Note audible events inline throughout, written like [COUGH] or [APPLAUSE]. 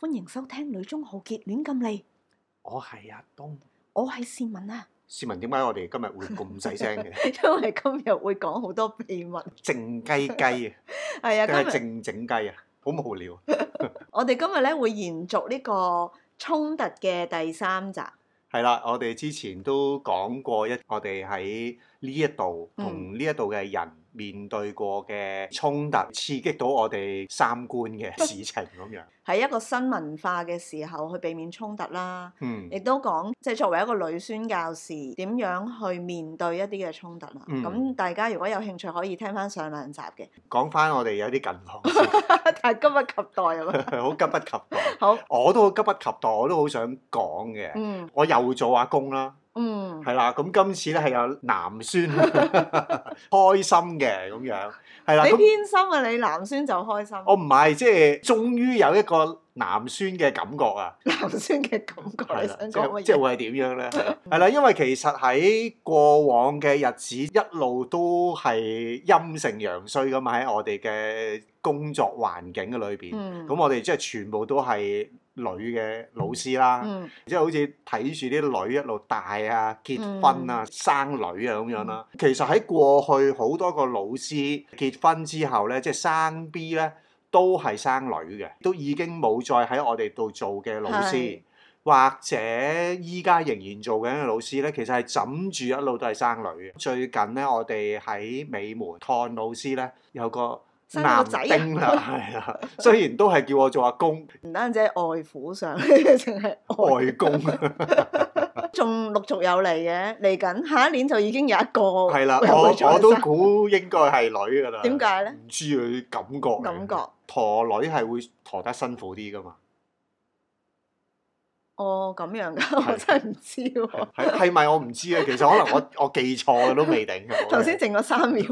歡迎收聽《女中豪傑亂咁嚟》，我係阿東，我係詩文啊。詩文，點解我哋今日會咁細聲嘅？因為今日會講好多秘密，靜雞雞啊。係啊，今日靜靜雞啊，好無聊。我哋今日咧會延續呢個衝突嘅第三集，係啦，我哋之前都講過一，我哋喺。呢一度同呢一度嘅人面對過嘅衝突，刺激到我哋三觀嘅事情咁樣，喺一個新文化嘅時候去避免衝突啦。嗯，亦都講即係作為一個女宣教士，點樣去面對一啲嘅衝突啊？咁大家如果有興趣，可以聽翻上兩集嘅。講翻我哋有啲近況，但係急不及待啊！好急不及待。好，我都好急不及待，我都好想講嘅。嗯，我又做下工啦。嗯，係啦，咁今次咧係有男孫， [LAUGHS] 開心嘅咁樣，係啦。你偏心啊！你男孫就開心。我唔係，即係終於有一個男孫嘅感覺啊！男孫嘅感覺， [LAUGHS] 的你想講乜嘢？即係會係點樣咧？係啦， [LAUGHS] 因為其實喺過往嘅日子一路都係陰盛陽衰噶嘛，喺我哋嘅工作環境嘅裏邊，咁、嗯、我哋即係全部都係。女嘅老師啦，嗯、即係好似睇住啲女一路大啊、結婚啊、生女啊咁樣啦。嗯、其實喺過去好多個老師結婚之後咧，即係生 B 咧都係生女嘅，都已經冇再喺我哋度做嘅老師，的或者依家仍然做緊嘅老師咧，其實係枕住一路都係生女。最近咧，我哋喺美門湯老師咧有個。生個仔啊、男丁啦、啊，係啦、 [LAUGHS] 啊，雖然都係叫我做阿公，唔單止係外父上淨係 [LAUGHS] 外公，仲陸續有嚟嘅，嚟緊下一年就已經有一個，係啦、啊我，我我都估應該係女噶啦，點解咧？唔知啊，感覺感覺陀女係會陀得辛苦啲噶嘛。哦，咁樣噶的、啊，我真係唔知喎。係咪我唔知啊？其實可能我我記錯啦，都未定。頭先剩咗三秒，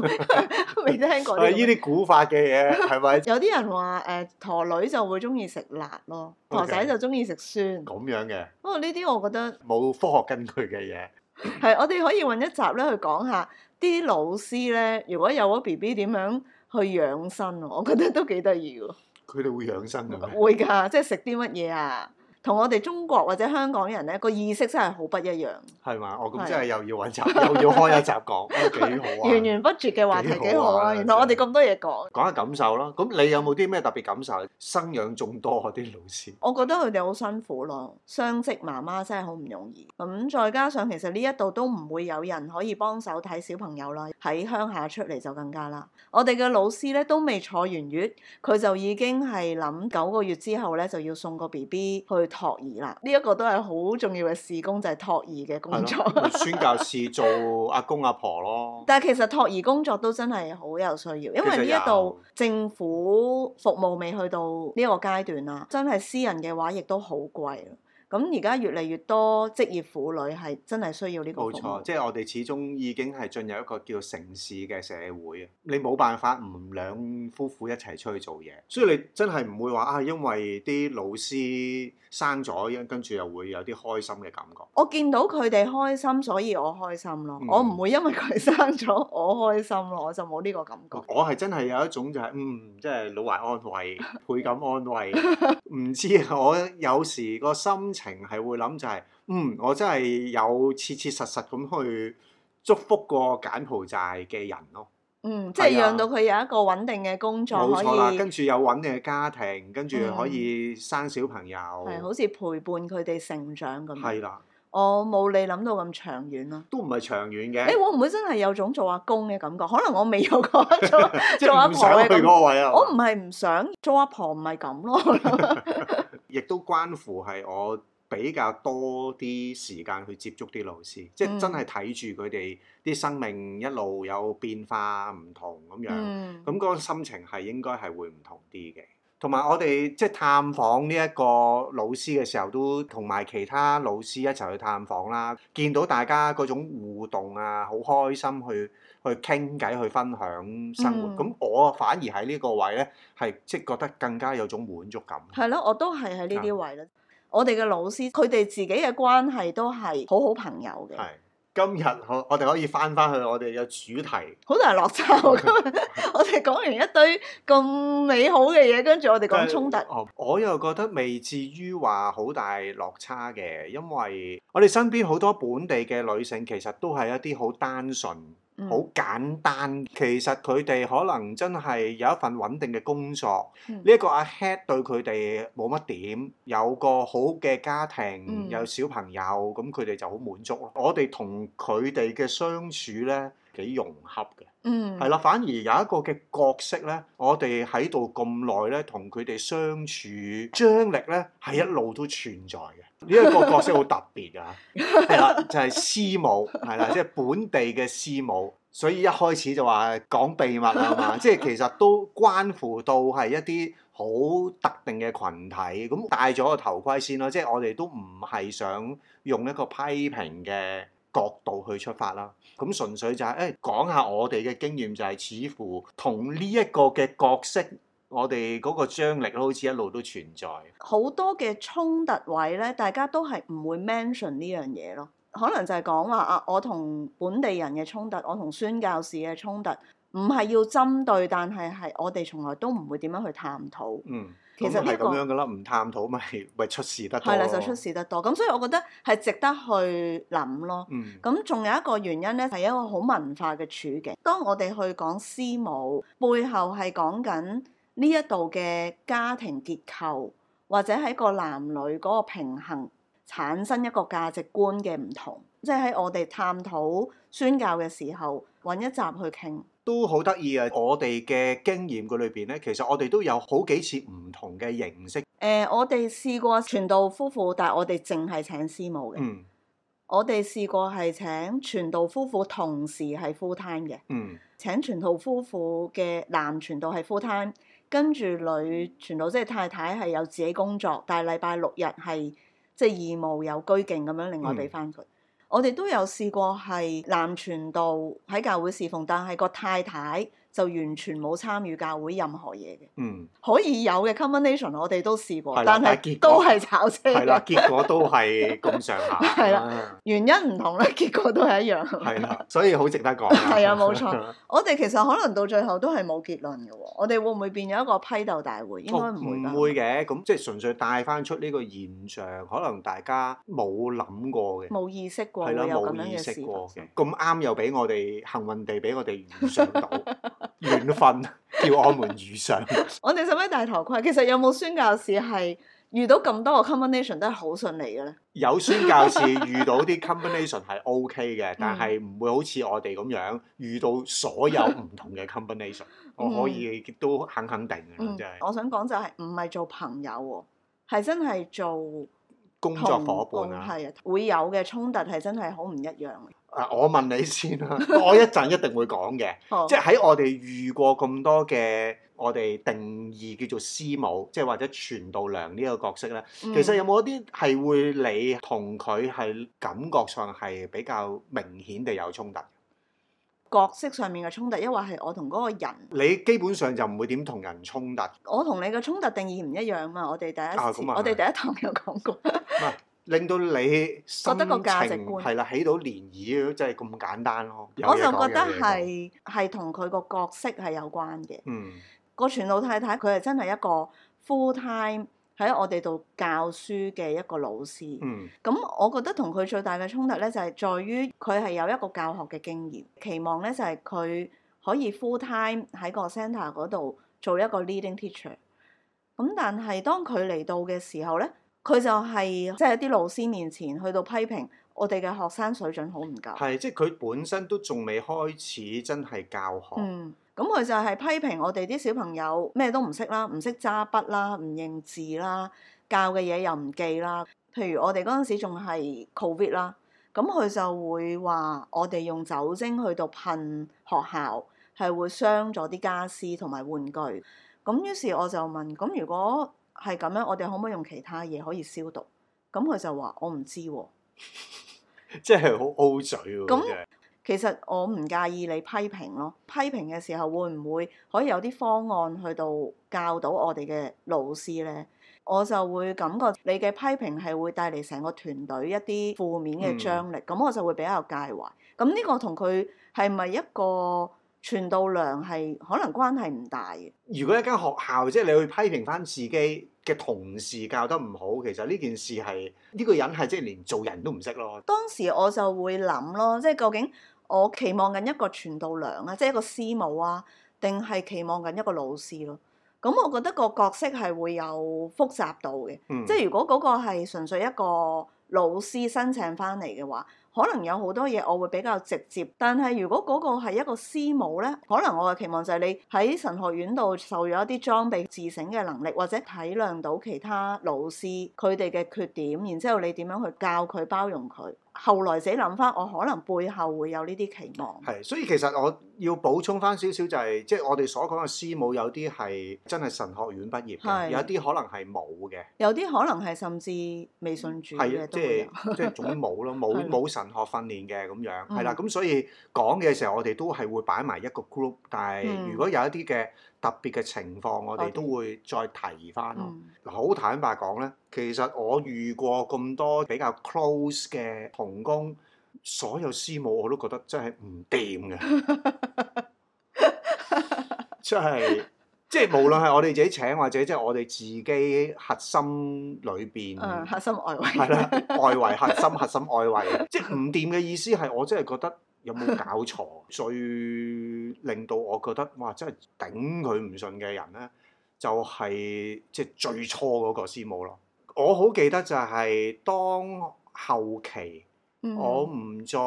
未聽過。係呢啲古法嘅嘢，係咪？有啲人話誒，陀、呃、女就會中意食辣咯，okay，陀仔就中意食酸。咁樣嘅。不過呢啲我覺得冇科學根據嘅嘢。係，我哋可以揾一集咧去講下啲老師咧，如果有咗 B B 點樣去養生，我覺得都幾得意喎。佢哋會養生㗎？ [LAUGHS] 會㗎，即係食啲乜嘢啊？同我哋中國或者香港人咧個意識真係好不一樣。係嘛？我咁真係又要揾集，是 [LAUGHS] 又要開一集講，都、哦、幾好啊！源源不絕嘅話題幾好啊！好，原來我哋咁多嘢講。講下感受啦，咁你有冇啲咩特別感受？生養眾多啲老師，我覺得佢哋好辛苦咯。雙職媽媽真係好唔容易。咁再加上其實呢一度都唔會有人可以幫手睇小朋友啦。喺鄉下出嚟就更加啦。我哋嘅老師咧都未坐完月，佢就已經係諗九個月之後咧就要送個 B B 去。托兒啦，呢、這、一個都係好重要嘅事工，就係、是、托兒嘅工作。就是、宣教士做阿公阿婆咯。但係其實托兒工作都真係好有需要，因為呢一度政府服務未去到呢個階段啦，真係私人嘅話亦都好貴。咁而家越嚟越多職業婦女係真係需要呢個。冇錯，即係我哋始終已經係進入一個叫城市嘅社會啊！你冇辦法唔兩夫婦一齊出去做嘢，所以你真係唔會話啊，因為啲老師生咗，跟跟住又會有啲開心嘅感覺。我見到佢哋開心，所以我開心咯。嗯、我唔會因為佢生咗，我開心咯，我就冇呢個感覺。我係真係有一種就係，嗯，即係老懷安慰，倍感安慰。 [LAUGHS] 唔知啊！我有時個心情係會諗就係、是，嗯，我真係有切切實實咁去祝福過柬埔寨嘅人咯。嗯，即係讓到佢有一個穩定嘅工作，可以跟住有穩定嘅家庭，跟住可以生小朋友，係、嗯、好似陪伴佢哋成長咁。係啦、嗯。我冇你諗到咁長遠咯，都唔係長遠嘅。誒會唔會真係有種做阿公嘅感覺？可能我未有過做， [LAUGHS] 說做阿婆嘅感覺。我唔係唔想做阿婆，唔係咁咯。亦都關乎係我比較多啲時間去接觸啲老師，即係、嗯、真係睇住佢哋啲生命一路有變化唔同咁樣，咁嗰、嗯、個心情係應該係會唔同啲嘅。同埋我哋即係探訪呢一個老師嘅時候，都同埋其他老師一齊去探訪啦，見到大家嗰種互動啊，好開心去去傾偈、去分享生活。咁、嗯、我反而喺呢個位咧，係即係覺得更加有種滿足感。係咯，我都係喺呢啲位啦。的我哋嘅老師佢哋自己嘅關係都係好好朋友嘅。今日我我哋可以返返去我哋嘅主題。好大落差，今日我哋講完一堆咁美好嘅嘢，跟住我哋講衝突，我又覺得未至於話好大落差嘅，因為我哋身邊好多本地嘅女性其實都係一啲好單純。好、mm. 簡單，其實佢哋可能真係有一份穩定嘅工作，呢一、mm. 個阿 head 對佢哋冇乜點，有個好嘅家庭，有小朋友，咁佢哋就好滿足咯。我哋同佢哋嘅相處咧，幾融洽嘅，嗯，係啦，反而有一個嘅角色咧，我哋喺度咁耐咧，同佢哋相處張力咧，係一路都存在嘅。呢、這、一個角色好特別㗎，係啦 [LAUGHS] ，就係、是、師母，係啦，即、就、係、是、本地嘅師母，所以一開始就話講秘密係嘛，即係 [LAUGHS] 其實都關乎到係一啲好特定嘅群體，咁戴咗個頭盔先咯，即、就、係、是、我哋都唔係想用一個批評嘅角度去出發啦，咁純粹就係、是、誒、欸、講下我哋嘅經驗、就是，就係似乎同呢一個嘅角色，我哋嗰個張力咯，好似一路都存在。好多嘅衝突位咧，大家都係唔會 mention 呢樣嘢咯。可能就係講話啊，我同本地人嘅衝突，我同宣教士嘅衝突，唔係要針對，但係係我哋從來都唔會點樣去探討。嗯。其實係咁樣噶啦，唔探討咪咪出事得多。係啦，就出事得多。咁所以我覺得係值得去諗咯。嗯，咁仲有一個原因咧，係一個好文化嘅處境。當我哋去講師母，背後係講緊呢一度嘅家庭結構，或者喺個男女嗰個平衡，產生一個價值觀嘅唔同。即係喺我哋探討宣教嘅時候，揾一集去傾。都好得意啊！我哋嘅經驗佢裏邊咧，其實我哋都有好幾次唔同嘅形式。誒、呃，我哋試過傳道夫婦，但係我哋淨係請師母嘅。嗯。我哋試過係請傳道夫婦同時係 full time 嘅。嗯。請傳道夫婦嘅男傳道係 full time，跟住女傳道即係、就是、太太係有自己工作，但係禮拜六日係即係義務有居勁咁樣，另外俾翻佢嗯。我哋都有試過係男傳道喺教會侍奉，但係個太太，就完全冇參與教會任何嘢嘅，嗯，可以有嘅 combination，我哋都試過，但係都係炒車，係啦，結果都係咁上下，係啦，原因唔同啦，結果都係一樣，係啦，所以好值得講，係啊，冇錯，我哋其實可能到最後都係冇結論嘅，我哋會唔會變咗一個批鬥大會？應該唔會嘅，咁即係純粹帶翻出呢個現象，可能大家冇諗過嘅，冇意識過，係啦，冇意識過，咁啱又俾我哋幸運地俾我哋遇上到。緣分 [LAUGHS] 叫我們遇上。 [LAUGHS] 我哋使乜戴頭盔？其實有冇宣教士係遇到咁多個 combination 都係好順利嘅咧？有宣教士遇到啲 combination 係 OK 嘅，但係唔會好似我哋咁樣遇到所有唔同嘅 combination， [LAUGHS] 我可以都肯肯定嘅，真係、 [LAUGHS] 嗯。我想講就係唔係做朋友喎，係真係做工作伙伴啊！係啊，會有嘅衝突係真係好唔一樣。啊！我問你先啦，我一陣一定會講嘅， [LAUGHS] 哦、即係喺我哋遇過咁多嘅我哋定義叫做師母，即係或者傳道娘呢個角色咧，嗯、其實有冇一啲係會你同佢係感覺上係比較明顯地有衝突？角色上面嘅衝突，抑或係我同嗰個人，你基本上就唔會點同人衝突。我同你嘅衝突定義唔一樣啊嘛！我哋第一，啊、我哋第一堂有講過。 [LAUGHS] 令到你覺得個價值觀係啦，起到漣漪，咯，即係咁簡單咯。我就覺得係係同佢個角色係有關嘅。嗯，個全老太太佢係真係一個 full time 喺我哋度教書嘅一個老師。嗯，咁我覺得同佢最大嘅衝突咧，就係在於佢係有一個教學嘅經驗，期望咧就係佢可以 full time 喺個 centre 嗰度做一個 leading teacher。咁但係當佢嚟到嘅時候咧。佢就係即係啲老師面前去到批評我哋嘅學生水準好唔夠，係即係佢本身都仲未開始真係教學。嗯，咁佢就係批評我哋啲小朋友咩都唔識啦，唔識揸筆啦，唔認字啦，教嘅嘢又唔記啦。譬如我哋嗰陣時仲係 COVID 啦，咁佢就會話我哋用酒精去到噴學校係會傷咗啲家私同埋玩具。咁於是我就問：咁如果？係咁樣，我哋可唔可以用其他嘢可以消毒？咁佢就話我唔知喎，即係好 O 嘴喎。咁其實我唔介意你批評咯，批評嘅時候會唔會可以有啲方案去到教到我哋嘅老師咧？我就會感覺你嘅批評係會帶嚟成個團隊一啲負面嘅張力，咁、嗯、我就會比較介懷。咁呢個同佢係咪一個？傳道量係可能關係唔大嘅。如果一間學校，即係你去批評翻自己嘅同事教得唔好，其實呢件事係呢個人係即係連做人都唔識咯。當時我就會諗咯，即係究竟我期望緊一個傳道量啊，即係一個師母啊，定係期望緊一個老師咯。咁我覺得個角色係會有複雜度嘅。嗯。即係如果嗰個係純粹一個老師申請翻嚟嘅話。可能有好多嘢我會比較直接，但係如果嗰個係一個師母咧，可能我嘅期望就係你喺神學院度受咗一啲裝備自省嘅能力，或者體諒到其他老師佢哋嘅缺點，然之後你點樣去教佢包容佢。後來自己諗翻，我可能背後會有呢啲期望。係，所以其實我。要補充翻少少就係、是，即係我哋所講嘅師母有啲係真係神學院畢業嘅，的有啲可能係冇嘅，有啲可能係甚至未信主嘅的，即係是 [LAUGHS] 即係總冇咯，冇冇的神學訓練嘅咁樣，係啦、嗯，咁所以講嘅時候我哋都係會擺埋一個 group，但係如果有一啲嘅特別嘅情況，嗯、我哋都會再提翻。嗱、嗯，好坦白講咧，其實我遇過咁多比較 close 嘅同工。所有師母我都覺得真係唔掂嘅，即係即係無論係我哋自己請或者即係我哋自己核心裏邊、嗯，核心外圍，係 [LAUGHS] 啦，外圍核心，核心外圍，即係唔掂嘅意思係我真係覺得有冇搞錯？ [LAUGHS] 最令到我覺得哇，真係頂佢唔順嘅人咧，就係即係最初嗰個師母咯。我好記得就係當後期。我唔再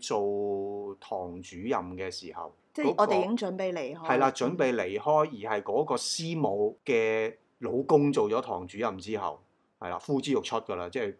做堂主任嘅時候，即係是、那個、我哋已經準備離開。係啦，準備離開，而係嗰個師母嘅老公做咗堂主任之後，係啦，呼之欲出㗎啦，即係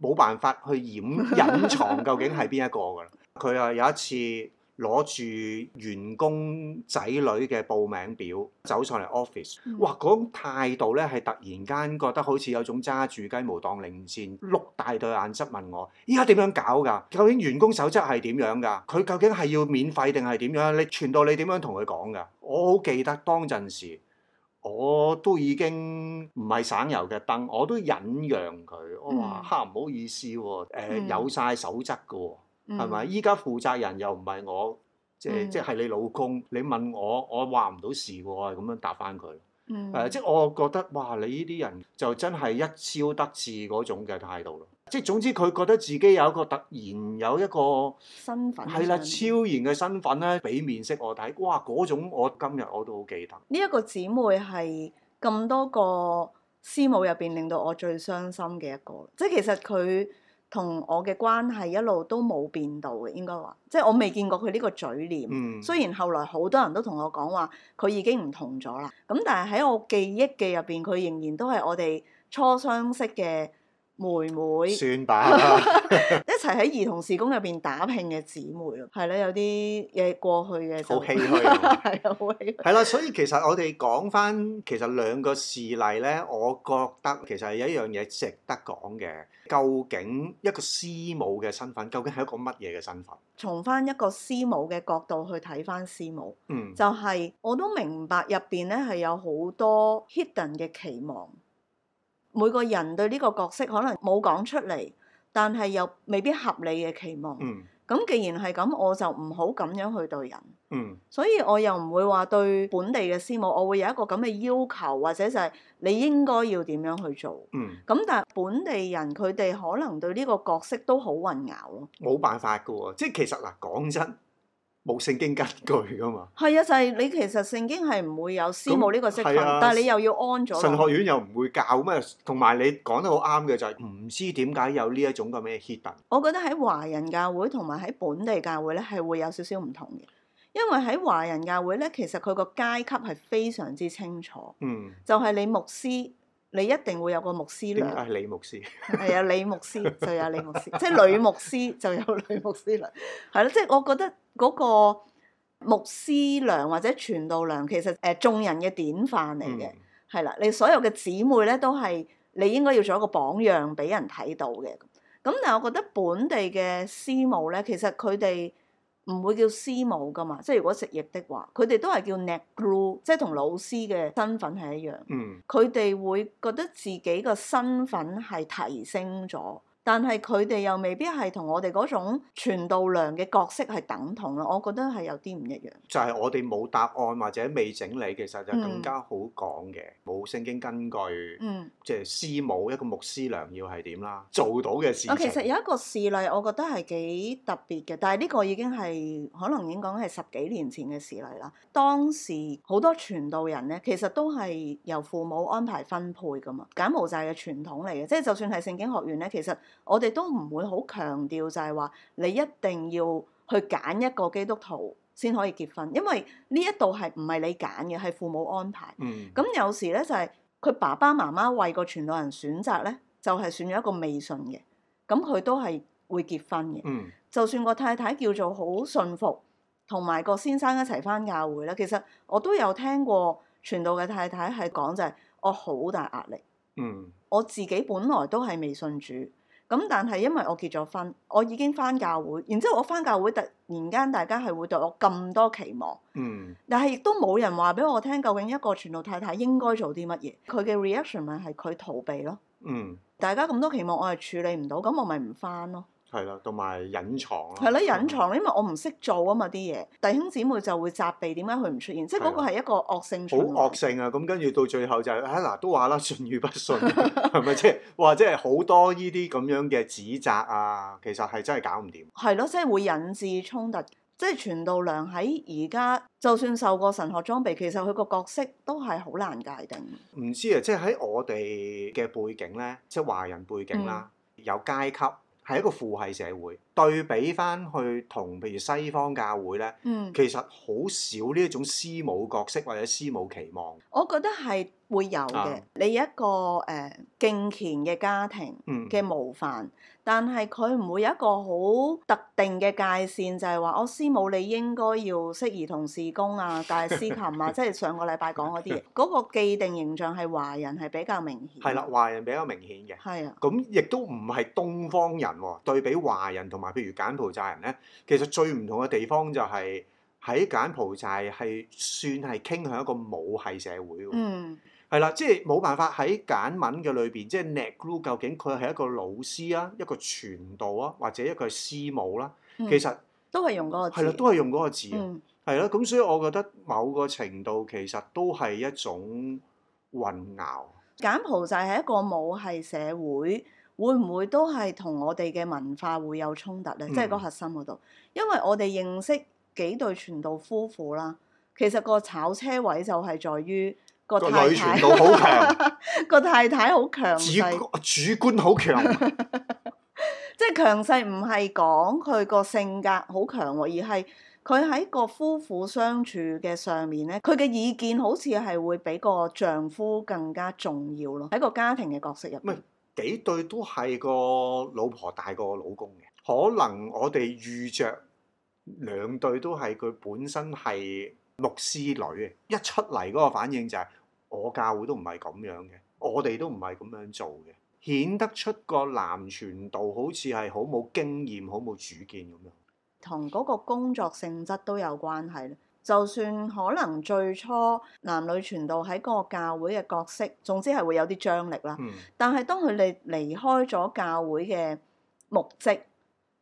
冇辦法去掩隱藏究竟係邊一個㗎啦。佢啊 [LAUGHS] 有一次。攞住員工仔女嘅報名表走上嚟 office，嗯、哇！嗰種態度咧係突然間覺得好似有種揸住雞毛當令箭，碌大對眼質問我：依家點樣搞噶？究竟員工守則係點樣噶？佢究竟係要免費定係點樣？你傳到你點樣同佢講噶？我好記得當陣時，我都已經唔係省油嘅燈，我都忍讓佢。我話吓唔好意思喎、哦，呃嗯、有晒守則噶、哦。係咪？依家、嗯、負責人又唔係我，嗯、即係即係你老公。你問我，我話唔到事喎，咁樣答返佢。誒、嗯，即係我覺得哇，你呢啲人就真係一朝得志嗰種嘅態度咯。即係總之佢覺得自己有一個突然有一個身份身，係啦，超然嘅身份咧，俾面色我睇。哇，嗰種我今日我都好記得。呢一個姊妹係咁多個師母入邊，令到我最傷心嘅一個。即係其實佢。同我嘅關係一路都冇變到嘅，應該話，即係我未見過佢呢個嘴臉。嗯、雖然後來好多人都同我講話，佢已經唔同咗啦。咁但係喺我記憶嘅入邊，佢仍然都係我哋初相識嘅。妹妹，算吧， [LAUGHS] [LAUGHS] 一齊喺兒童事工入邊打拼嘅姊妹咯，係 [LAUGHS] 咧，有啲嘢過去嘅，好唏， [LAUGHS] 唏噓，係啦， [LAUGHS] 所以其實我哋講翻，其實兩個事例咧，我覺得其實係有一樣嘢值得講嘅，究竟一個師母嘅身份，究竟係一個乜嘢嘅身份？從翻一個師母嘅角度去睇翻師母，嗯，就係我都明白入邊咧係有好多 hidden 嘅期望。每個人對呢個角色可能冇講出嚟，但係又未必合理嘅期望。咁、嗯、既然係咁，我就唔好咁樣去對人。嗯、所以我又唔會話對本地嘅師母，我會有一個咁嘅要求，或者就係你應該要點樣去做。咁、嗯、但係本地人佢哋可能對呢個角色都好混淆咯。冇辦法㗎喎，即係其實嗱，講真。冇聖經根據㗎嘛？係 [LAUGHS] 啊，就係、是、你其實聖經係唔會有師母呢個職份，啊、但係你又要安咗神學院又唔會教咩，同埋你講得好啱嘅就係唔知點解有呢一種個咩 heat 等。 [LAUGHS] 我覺得喺華人教會同埋喺本地教會咧係會有少少唔同嘅，因為喺華人教會咧其實佢個階級係非常之清楚，嗯，就係你牧師。你一定會有個牧師娘，係李牧師，係 [LAUGHS] 啊，李牧師就有李牧師，即係女牧師就有女牧師娘，係咯、啊，即係我覺得嗰個牧師娘或者傳道娘其實係眾人嘅典範嚟嘅，係啦、嗯啊，你所有嘅姊妹咧都係你應該要做一個榜樣俾人睇到嘅，咁但係我覺得本地嘅師母咧其實佢哋。唔會叫師母㗎嘛，即係如果直譯的話，佢哋都係叫 net guru，即係同老師嘅身份係一樣。佢哋、嗯、會覺得自己個身份係提升咗。但係佢哋又未必係同我哋嗰種傳道娘嘅角色係等同啦，我覺得係有啲唔一樣。就係我哋冇答案或者未整理，其實就更加好講嘅，冇聖經根據，嗯，即、就、係、係、師母一個牧師娘要係點啦，做到嘅事。我其實有一個事例，我覺得係幾特別嘅，但係呢個已經係可能已經講緊係十幾年前嘅事例啦。當時好多傳道人呢，其實都係由父母安排分配噶嘛，柬埔寨嘅傳統嚟嘅，即係就算係聖經學院呢，其實。我哋都唔會好強調，就係話你一定要去揀一個基督徒先可以結婚，因為呢一度係唔係你揀嘅，係父母安排。嗯。咁有時咧就係、是、佢爸爸媽媽為個傳道人選擇咧，就係、是、選咗一個未信嘅。咁佢都係會結婚嘅。嗯。就算個太太叫做好信服，同埋個先生一齊返教會啦，其實我都有聽過傳道嘅太太係講，就係我好大壓力。嗯。我自己本來都係未信主。咁但係因為我結咗婚，我已經返教會，然之後我返教會突然間大家係會對我咁多期望，嗯，但係亦都冇人話俾我聽究竟一個傳道太太應該做啲乜嘢，佢嘅 reaction 咪係佢逃避咯，嗯，大家咁多期望我係處理唔到，咁我咪唔返咯。係啦，同埋隱藏咯、啊。係咯，隱藏因為我唔識做啊嘛啲嘢。弟兄姊妹就會責備點解佢唔出現，的即係嗰個係一個惡性循環。好惡性啊！咁跟住到最後就係啊嗱，都話啦，信與不信、啊，係咪即係話即係好多呢啲咁樣嘅指責啊？其實係真係搞唔掂。係咯，即係會引致衝突。即係傳道娘喺而家，就算受過神學裝備，其實佢個角色都係好難界定。唔知啊，即係喺我哋嘅背景咧，即係華人背景啦，嗯、有階級。係一個父系社會，對比翻去同譬如西方教會咧，嗯、其實好少呢一種師母角色或者師母期望。我覺得係。會有嘅，你有一個誒、呃、敬虔嘅家庭嘅模範，嗯、但係佢唔會有一個好特定嘅界線，就係話我師母你應該要識兒童事工啊，教司琴啊，即係 [LAUGHS] 上個禮拜講嗰啲嘢。嗰 [LAUGHS] 個既定形象係華人係比較明顯，係啦、啊，華人比較明顯嘅，係啊。咁亦都唔係東方人喎、哦，對比華人同埋譬如柬埔寨人咧，其實最唔同嘅地方就係喺柬埔寨係算係傾向一個母系社會。嗯。係啦，即係冇辦法喺簡文嘅裏邊，即係 Negro 究竟佢係一個老師啊，一個傳道啊，或者一個師母啦、啊。嗯、其實都係用嗰個字，係啦，都係用嗰個字、啊，係咯、嗯。咁所以我覺得某個程度其實都係一種混淆。柬埔寨係一個冇係母系社會，會唔會都係同我哋嘅文化會有衝突咧？即係嗰核心嗰度，因為我哋認識幾對傳道夫婦啦，其實個炒車位就係在於。個女傳道好強 [LAUGHS] 個太太好強主主觀好強， [LAUGHS] 即係強勢唔係講佢個性格好強喎，而係佢喺個夫婦相處嘅上面咧，佢嘅意見好似係會比個丈夫更加重要咯。喺個家庭嘅角色入，唔係幾對都係個老婆大過老公嘅，可能我哋遇着兩對都係佢本身係牧師女，一出嚟嗰個反應就係、是。我教會都唔係咁樣嘅，我哋都唔係咁樣做嘅，顯得出個男傳道好似係好冇經驗、好冇主見咁樣。同嗰個工作性質都有關係啦。就算可能最初男女傳道喺嗰個教會嘅角色，總之係會有啲張力啦。嗯、但係當佢哋離開咗教會嘅目職，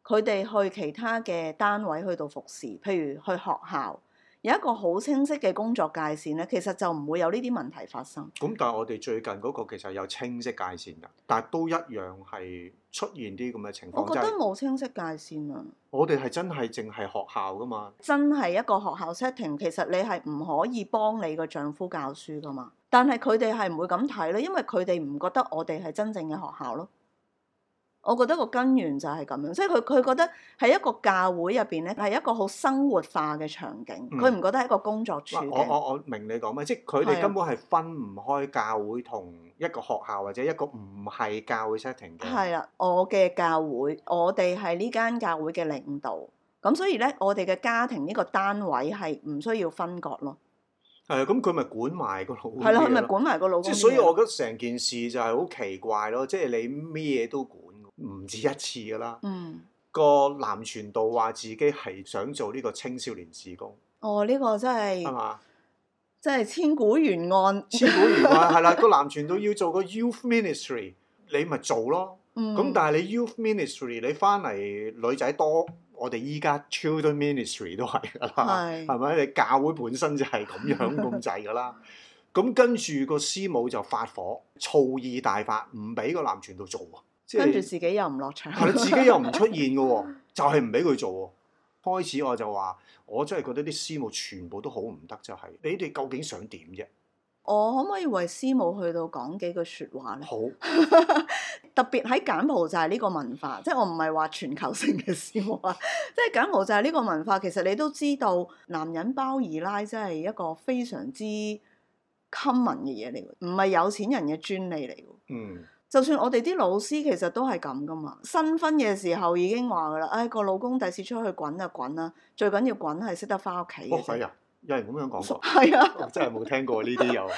佢哋去其他嘅單位去度服侍，譬如去學校。有一個好清晰嘅工作界線咧，其實就唔會有呢啲問題發生。咁但係我哋最近嗰個其實有清晰界線㗎，但係都一樣係出現啲咁嘅情況。我覺得冇清晰界線啊！我哋係真係淨係學校㗎嘛？真係一個學校 setting，其實你係唔可以幫你個丈夫教書㗎嘛。但係佢哋係唔會咁睇咯，因為佢哋唔覺得我哋係真正嘅學校咯。我覺得個根源就係咁樣，所以佢佢覺得喺一個教會入邊咧係一個好生活化嘅場景，佢唔、嗯、覺得係一個工作處境。我我我明你講咩，即係佢哋根本係分唔開教會同一個學校或者一個唔係教會 setting 嘅。係啦，我嘅教會，我哋係呢間教會嘅領導，咁所以咧，我哋嘅家庭呢個單位係唔需要分割咯。誒，咁佢咪管埋個老？係啦，佢咪管埋個老。即所以，我覺得成件事就係好奇怪咯，即係你咩嘢都管。唔止一次噶啦，嗯、個男傳道話自己係想做呢個青少年事工。哦，呢、這個真係，係嘛吧？真係千古懸案。千古懸案係啦， [LAUGHS] 那個男傳道要做個 youth ministry，你咪做咯。咁、嗯、但係你 youth ministry，你翻嚟女仔多，我哋依家 children ministry 都係噶啦，係咪的？你教會本身就係咁樣咁滯噶啦。咁跟住個師母就發火，醋意大發，唔俾個男傳道做跟住自己又唔落場，佢 [LAUGHS] 自己又唔出現嘅，就係唔俾佢做。開始我就話，我真係覺得啲師母全部都好唔得，就係、是、你哋究竟想點啫？我可唔可以為師母去到講幾句說話咧？好， [LAUGHS] 特別喺柬埔寨呢個文化，即係我唔係話全球性嘅師母啊，即係柬埔寨呢個文化，其實你都知道，男人包二奶真係一個非常之 common 嘅嘢嚟，唔係有錢人嘅專利嚟。嗯。就算我哋啲老師其實都係咁㗎嘛，新婚嘅時候已經話㗎啦，唉、哎、個老公第次出去滾就滾啦，最緊要滾係識得返屋企。乜鬼啊？有人咁樣講過？係啊的，我真係冇聽過呢啲有，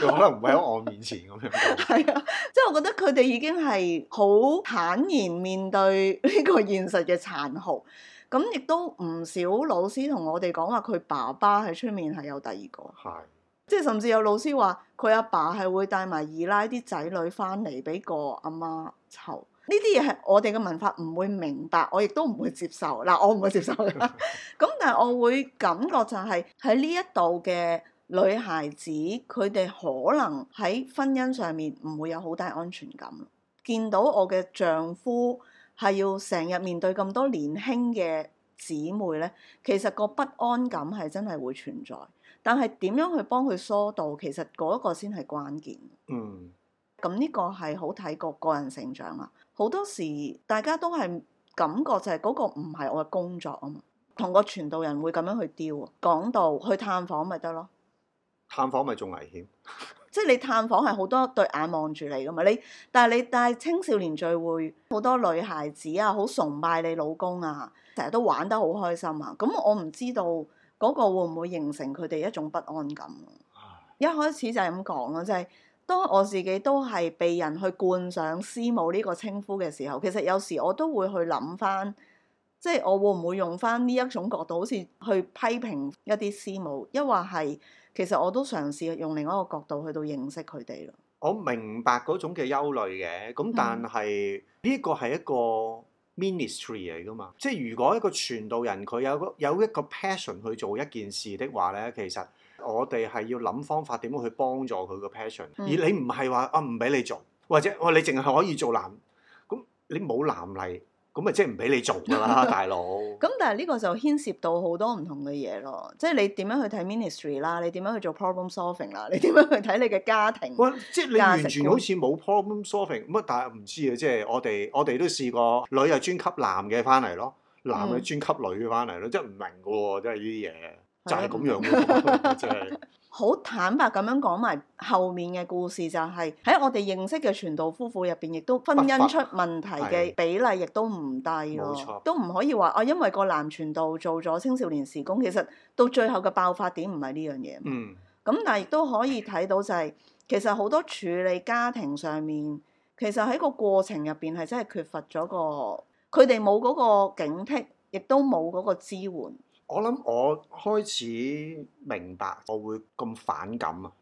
佢 [LAUGHS] 可能唔喺我面前咁樣講。係啊，即係我覺得佢哋已經係好坦然面對呢個現實嘅殘酷。咁亦都唔少老師同我哋講話，佢爸爸喺出面係有第二個。係。即係，甚至有老師話佢阿爸係會帶埋二奶啲仔女翻嚟俾個阿媽湊。呢啲嘢係我哋嘅文化，唔會明白，我亦都唔會接受。嗱，我唔會接受嘅。咁 [LAUGHS] 但係我會感覺就係喺呢一度嘅女孩子，佢哋可能喺婚姻上面唔會有好大安全感。見到我嘅丈夫係要成日面對咁多年輕嘅姊妹咧，其實個不安感係真係會存在。但係點樣去幫佢疏導？其實嗰一個先係關鍵。嗯，咁呢個係好睇個個人成長啊！好多時大家都係感覺就係嗰個唔係我嘅工作啊嘛，同個傳道人會咁樣去丟啊，講道去探訪咪得咯？探訪咪仲危險？即 [LAUGHS] 係你探訪係好多對眼望住你噶嘛？你但係你帶青少年聚會，好多女孩子啊，好崇拜你老公啊，成日都玩得好開心啊！咁我唔知道。嗰個會唔會形成佢哋一種不安感？啊、一開始就係咁講咯，就係、是、當我自己都係被人去冠上師母呢個稱呼嘅時候，其實有時我都會去諗翻，即、就、係、是、我會唔會用翻呢一種角度，好似去批評一啲師母，抑或係其實我都嘗試用另一個角度去到認識佢哋咯。我明白嗰種嘅憂慮嘅，咁但係呢個係一個。嗯 Ministry 嚟噶嘛，即係如果一個傳道人佢有個有一個 passion 去做一件事的話咧，其實我哋係要諗方法點樣去幫助佢個 passion，、嗯、而你唔係話啊唔俾你做，或者我、啊、你淨係可以做男，咁、嗯、你冇男例。咁咪即係唔俾你做㗎啦，大佬。咁 [LAUGHS] 但係呢個就牽涉到好多唔同嘅嘢咯，即係你點樣去睇 ministry 啦，你點樣去做 problem solving 啦，你點樣去睇你嘅家庭。哇！即係你完全好似冇 problem solving 乜？但係唔知啊，即係我哋我哋都試過女係專級男嘅翻嚟咯，男嘅專級女翻嚟咯，嗯、即係唔明㗎喎，即係呢啲嘢。就係咁樣好坦白咁樣講埋後面嘅故事，就係，就係喺我哋認識嘅傳道夫婦入邊，亦都婚姻法出問題嘅比例亦都唔低咯，錯都唔可以話哦、啊，因為個男傳道做咗青少年時工，其實到最後嘅爆發點唔係呢樣嘢。嗯，咁但係亦都可以睇到就係、係，其實好多處理家庭上面，其實喺個過程入邊係真係缺乏咗個，佢哋冇嗰個警惕，亦都冇嗰個支援。我諗我開始明白，我會咁反感啊！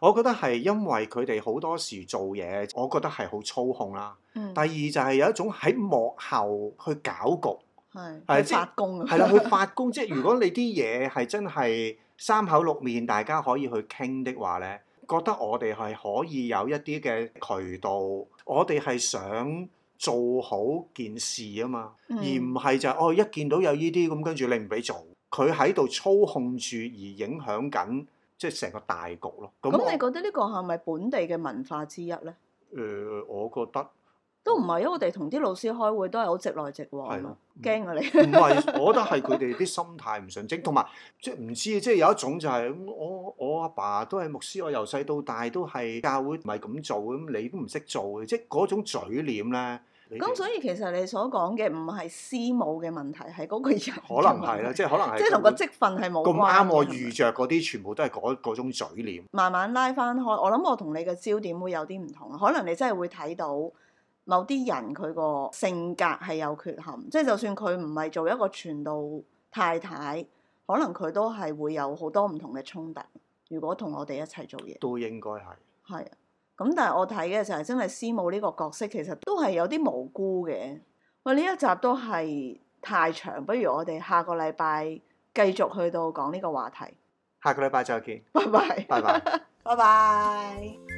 我覺得係因為佢哋好多時做嘢，我覺得係好操控啦。第二就係有一種喺幕後去搞局，係發功啊，係啦，去發功。即係如果你啲嘢係真係三口六面，大家可以去傾的話咧，覺得我哋係可以有一啲嘅渠道，我哋係想做好件事啊嘛，而唔係就哦一見到有依啲咁，跟住你唔俾做。佢喺度操控住而影響緊，即係成個大局咯。咁你覺得呢個係咪本地嘅文化之一咧？誒、呃，我覺得都唔係啊！因為我哋同啲老師開會都係好直來直往，係咯的，驚啊你！唔係，我覺得係佢哋啲心態唔純正，同埋即係唔知，即係有一種就係、是、我我阿爸，爸都係牧師，我由細到大都係教會唔係咁做，咁你都唔識做嘅，即係嗰種嘴臉咧。咁所以其實你所講嘅唔係師母嘅問題，係嗰個人可能係啦，即係可能係即係同個積分係冇關。咁啱我遇着嗰啲，全部都係嗰種嘴臉。慢慢拉翻開，我諗我同你嘅焦點會有啲唔同。可能你真係會睇到某啲人佢個性格係有缺陷，即係就算佢唔係做一個傳道太太，可能佢都係會有好多唔同嘅衝突。如果同我哋一齊做嘢，都應該係係。咁、嗯、但係我睇嘅時候真係師母呢個角色其實都係有啲無辜嘅。哇！呢一集都係太長，不如我哋下個禮拜繼續去到講呢個話題。下個禮拜再見，拜拜 bye，拜拜 bye，拜拜。 [LAUGHS]